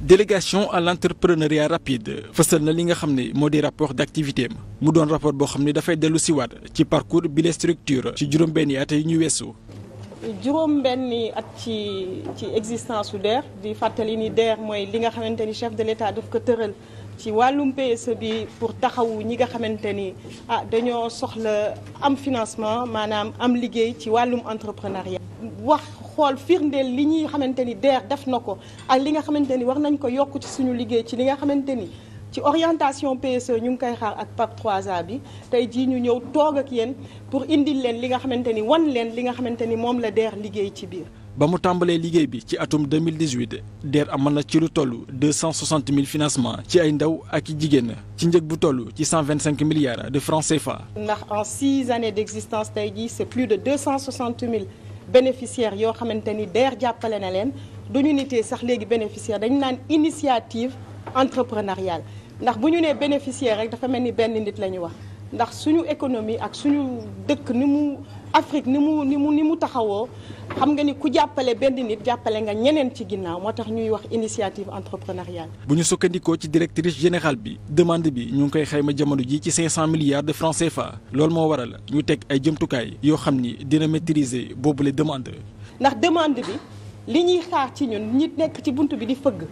délégation à l'entrepreneuriat rapide fësal na li nga xam ne moo di rapport d'activité am mu doon rapport boo xam ne dafay dellu waat ci parcours bi les structure ci juróom-benni at yi ñu weesu. juróom-benni at ci ci existence su DER di fàttali ni DER mooy li nga xamante ni chef de l'État daf ko tëral. ci wàllum PSE bi pour taxawu ñi nga xamante ni ah dañoo soxla am financement maanaam am liggéey ci wàllum entrepreneuriat. wax xool firndeel li ñuy xamante ni DER def na ko ak li nga xamante ni war nañ ko yokk ci suñu liggéey ci li nga xamante ni. ci orientation PSE ñu ngi koy xaar ak PAP 3 bi tey jii ñu ñëw toog ak yéen pour indil leen li nga xamante ni wan leen li nga xamante ni moom la DER liggéey ci biir. ba mu tàmbalee liggéey bi ci atum 2018 DER amal na ci lu toll 260 000 financements ci ay ndaw ak i jigéen ci njëg bu toll ci 125 milliards de francs CFA. ndax en six années d'existence tey jii c'est plus de 260 000 bénéficiaires yoo xamante ni DER jàppale na leen du ñu nitee sax léegi bénéficiaire dañu naan initiative entrepreneuriale ndax bu ñu nee bénéficiaire rek dafa mel ni benn nit la ñu wax. ndax suñu économie ak suñu dëkk ni mu Afrique ni mu ni mu ni mu taxawoo xam nga ni ku jàppale benn nit jàppale nga ñeneen ci ginnaaw moo tax ñuy wax initiative entrepreneuriale. bu ñu sukkandikoo ci directrice générale bi demande bi ñu ngi koy xayma jamono ji ci 500 milliards de francs CFA. loolu moo waral ñu teg ay jëmtukaay yoo xam ni dina boobu la demande. ndax demande bi li ñuy xaar ci ñun ñi nekk ci bunt bi di fëgg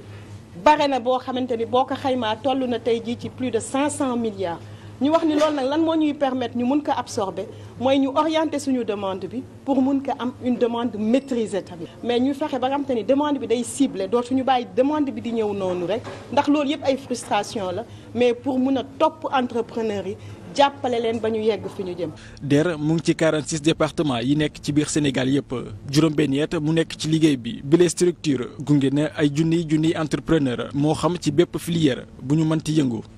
bare na boo xamante ni boo ko xaymaa toll na tey jii ci plus de 500 milliards. ñu wax ni loolu nag lan moo ñuy permettre ñu mën ko absorber mooy ñu orienter suñu demande bi pour mun ko am une demande maîtrisée tamit. mais ñu fexe ba nga xam te ni demande bi day doo dootuñu bàyyi demande bi di ñëw noonu rek ndax loolu yëpp ay frustration la mais pour mun a topp entrepreneur yi jàppale leen ba ñu yegg fi ñu jëm. DER mu ngi ci 46 départements yi nekk ci biir Sénégal yëpp juróom-benn yeet mu nekk ci liggéey bi bile structure gunge na ay junniy junniy entrepreneur moo xam ci bépp filière bu ñu mënti yëngu.